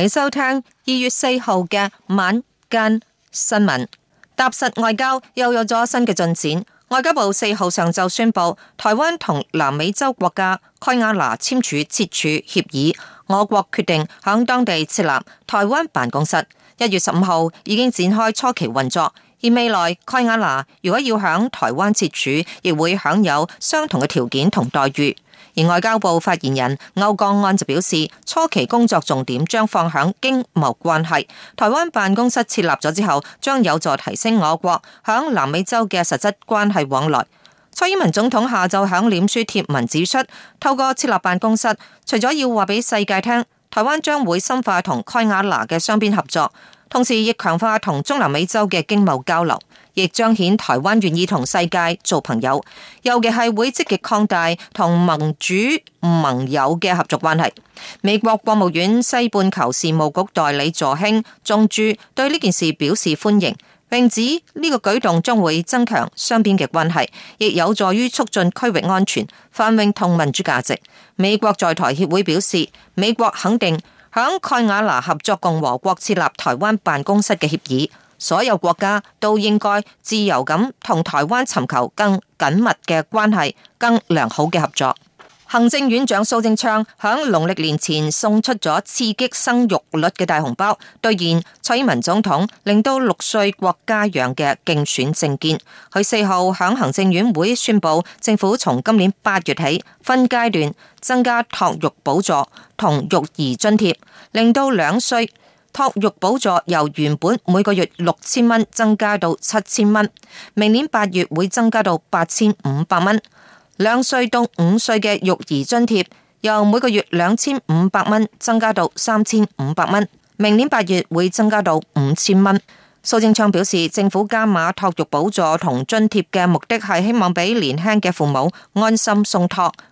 你收聽二月四號嘅晚間新聞，踏實外交又有咗新嘅進展。外交部四號上晝宣布，台灣同南美洲國家蓋亞那簽署設處協議，我國決定響當地設立台灣辦公室。一月十五號已經展開初期運作，而未來蓋亞那如果要響台灣設處，亦會享有相同嘅條件同待遇。而外交部發言人歐江安就表示，初期工作重點將放響經貿關係，台灣辦公室設立咗之後，將有助提升我國響南美洲嘅實質關係往來。蔡英文總統下晝響臉書貼文指出，透過設立辦公室，除咗要話俾世界聽，台灣將會深化同蓋亞那嘅雙邊合作，同時亦強化同中南美洲嘅經貿交流。亦彰顯台灣願意同世界做朋友，尤其係會積極擴大同盟主盟友嘅合作關係。美國國務院西半球事務局代理助卿鍾朱，對呢件事表示歡迎，並指呢個舉動將會增強雙邊嘅關係，亦有助於促進區域安全、繁榮同民主價值。美國在台協會表示，美國肯定響蓋亞那合作共和國設立台灣辦公室嘅協議。所有國家都應該自由咁同台灣尋求更緊密嘅關係，更良好嘅合作。行政院長蘇貞昌響農曆年前送出咗刺激生育率嘅大紅包，兌現蔡英文總統零到六歲國家養嘅競選政見。佢四號響行政院會宣布，政府從今年八月起分階段增加托育補助同育兒津貼，零到兩歲。托育補助由原本每個月六千蚊增加到七千蚊，明年八月會增加到八千五百蚊。兩歲到五歲嘅育兒津貼由每個月兩千五百蚊增加到三千五百蚊，明年八月會增加到五千蚊。蘇貞昌表示，政府加碼托育補助同津貼嘅目的係希望俾年輕嘅父母安心送托。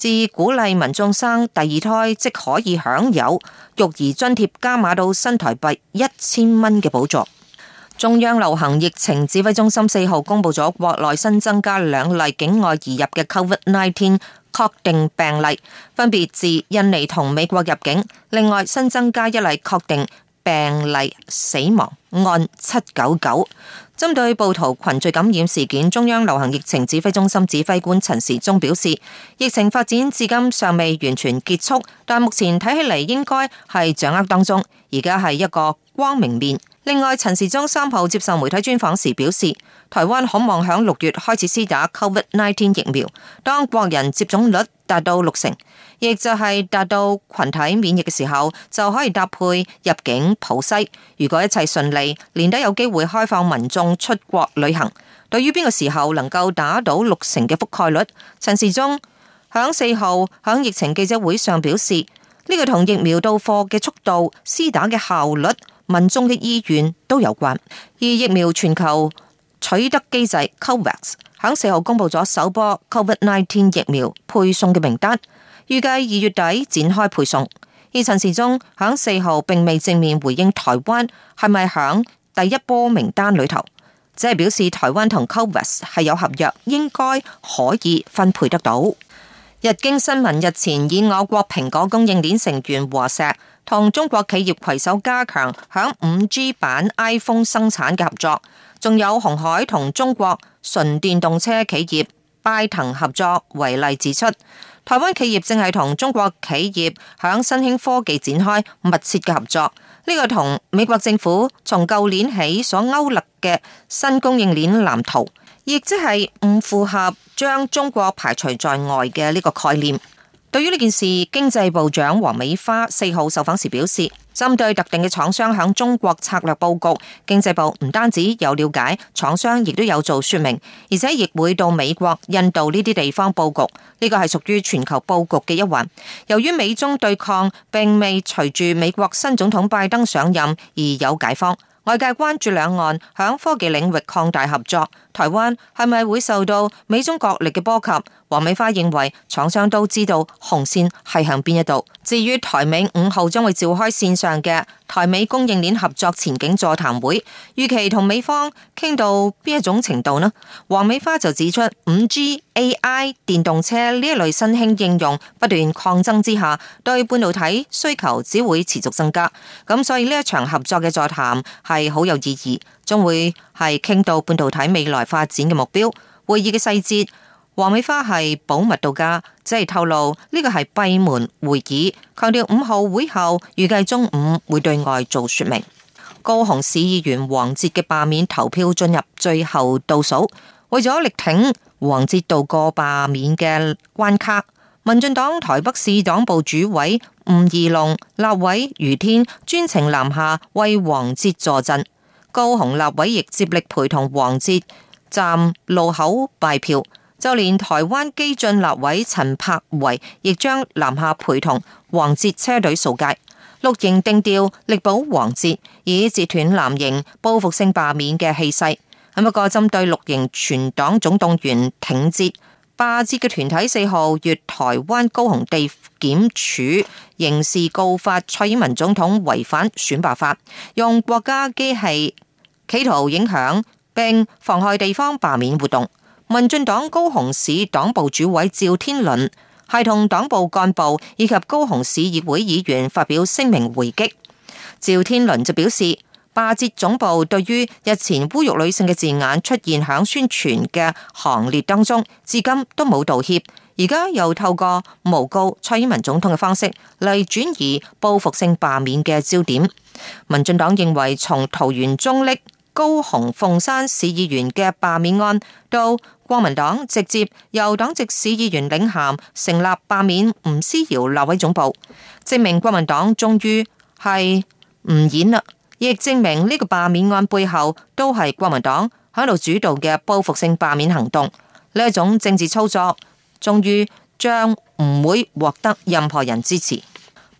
至鼓勵民眾生第二胎，即可以享有育兒津貼加碼到新台幣一千蚊嘅補助。中央流行疫情指揮中心四號公布咗國內新增加兩例境外移入嘅 COVID-19 確定病例，分別自印尼同美國入境。另外新增加一例確定病例死亡案七九九。針對部桃群聚感染事件，中央流行疫情指揮中心指揮官陳時中表示，疫情發展至今尚未完全結束，但目前睇起嚟應該係掌握當中，而家係一個光明面。另外，陳時中三號接受媒體專訪時表示，台灣可望響六月開始施打 COVID-19 疫苗，當國人接種率達到六成，亦就係達到羣體免疫嘅時候，就可以搭配入境普西。如果一切順利，年底有機會開放民眾出國旅行。對於邊個時候能夠打到六成嘅覆蓋率，陳時中響四號響疫情記者會上表示，呢個同疫苗到貨嘅速度、施打嘅效率。民眾嘅醫院都有關，而疫苗全球取得機制 COVAX 喺四號公布咗首波 COVID-19 疫苗配送嘅名單，預計二月底展開配送。而陳時中喺四號並未正面回應台灣係咪響第一波名單裏頭，只係表示台灣同 COVAX 係有合約，應該可以分配得到。日經新聞日前以我國蘋果供應鏈成員和碩。同中國企業携手加強響 5G 版 iPhone 生產嘅合作，仲有鴻海同中國純電動車企業拜騰合作為例指出，台灣企業正係同中國企業響新興科技展開密切嘅合作。呢個同美國政府從舊年起所勾勒嘅新供應鏈藍圖，亦即係唔符合將中國排除在外嘅呢個概念。對於呢件事，經濟部長王美花四號受訪時表示，針對特定嘅廠商響中國策略布局，經濟部唔單止有了解，廠商亦都有做說明，而且亦會到美國、印度呢啲地方布局，呢個係屬於全球布局嘅一環。由於美中對抗並未隨住美國新總統拜登上任而有解放，外界關注兩岸響科技領域擴大合作，台灣係咪會受到美中角力嘅波及？黃美花認為廠商都知道紅線係向邊一度。至於台美五號將會召開線上嘅台美供應鏈合作前景座談會，預期同美方傾到邊一種程度呢？黃美花就指出，5G、AI、電動車呢一類新興應用不斷擴增之下，對半導體需求只會持續增加。咁所以呢一場合作嘅座談係好有意義，將會係傾到半導體未來發展嘅目標。會議嘅細節。黃美花係保密到家，只係透露呢個係閉門會議，強調五號會後預計中午會對外做說明。高雄市議員黃捷嘅罷免投票進入最後倒數，為咗力挺黃捷度過罷免嘅關卡，民進黨台北市黨部主委吳怡龍、立委余天專程南下為黃捷助陣，高雄立委亦接力陪同黃捷站路口拜票。就連台灣基進立委陳柏惟亦將南下陪同黃捷車隊掃街，綠營定調力保黃捷，以截斷藍營報復性罷免嘅氣勢。咁不過針對綠營全黨總動員挺捷罷捷嘅團體，四號越台灣高雄地檢署刑事告發蔡英文總統違反選罷法，用國家機器企圖影響並妨害地方罷免活動。民進黨高雄市黨部主委趙天麟係同黨部幹部以及高雄市議會議員發表聲明回擊。趙天麟就表示，罷捷總部對於日前侮辱女性嘅字眼出現響宣傳嘅行列當中，至今都冇道歉，而家又透過誣告蔡英文總統嘅方式嚟轉移報復性罷免嘅焦點。民進黨認為，從桃園中壢、高雄鳳山市議員嘅罷免案到國民黨直接由黨籍市議員領銜成立罷免吳思瑤立委總部，證明國民黨終於係唔演啦，亦證明呢個罷免案背後都係國民黨喺度主導嘅報復性罷免行動，呢一種政治操作終於將唔會獲得任何人支持。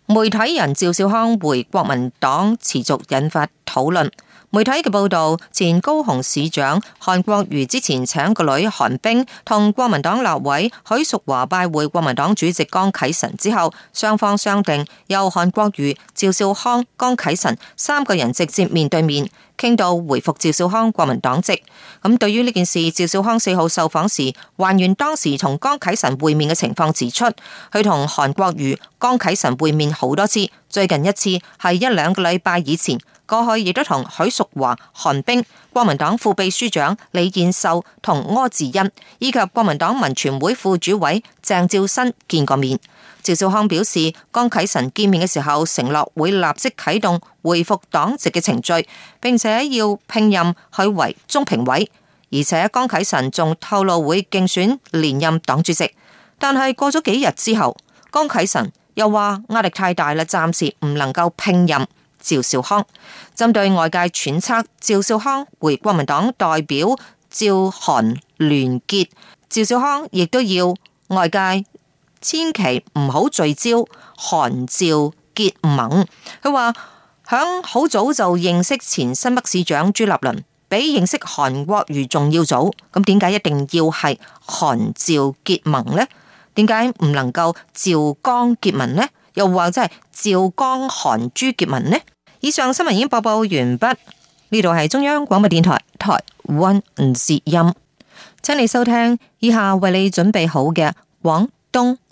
媒體人趙少康回國民黨持續引發討論。媒體嘅報道，前高雄市長韓國瑜之前請個女韓冰同國民黨立委許淑華拜會國民黨主席江啟臣之後，雙方商定由韓國瑜、趙少康、江啟臣三個人直接面對面。傾到回復趙少康國民黨籍咁，對於呢件事，趙少康四號受訪時還原當時同江啟臣會面嘅情況，指出佢同韓國瑜、江啟臣會面好多次，最近一次係一兩個禮拜以前。過去亦都同許淑華、韓冰、國民黨副秘書長李建秀同柯志恩以及國民黨文傳會副主委鄭照新見過面。趙少康表示，江啟臣見面嘅時候承諾會立即啟動回復黨籍嘅程序，並且要聘任佢為中評委。而且江啟臣仲透露會競選連任黨主席。但係過咗幾日之後，江啟臣又話壓力太大啦，暫時唔能夠聘任趙少康。針對外界揣測趙少康回國民黨代表趙韓聯結，趙少康亦都要外界。千祈唔好聚焦韓趙結盟。佢話響好早就認識前新北市長朱立倫，比認識韓國瑜仲要早。咁點解一定要係韓趙結盟呢？點解唔能夠趙江結盟呢？又或者係趙江韓朱結盟呢？以上新聞已經播報完畢。呢度係中央廣播電台台灣之音，請你收聽以下為你準備好嘅廣東。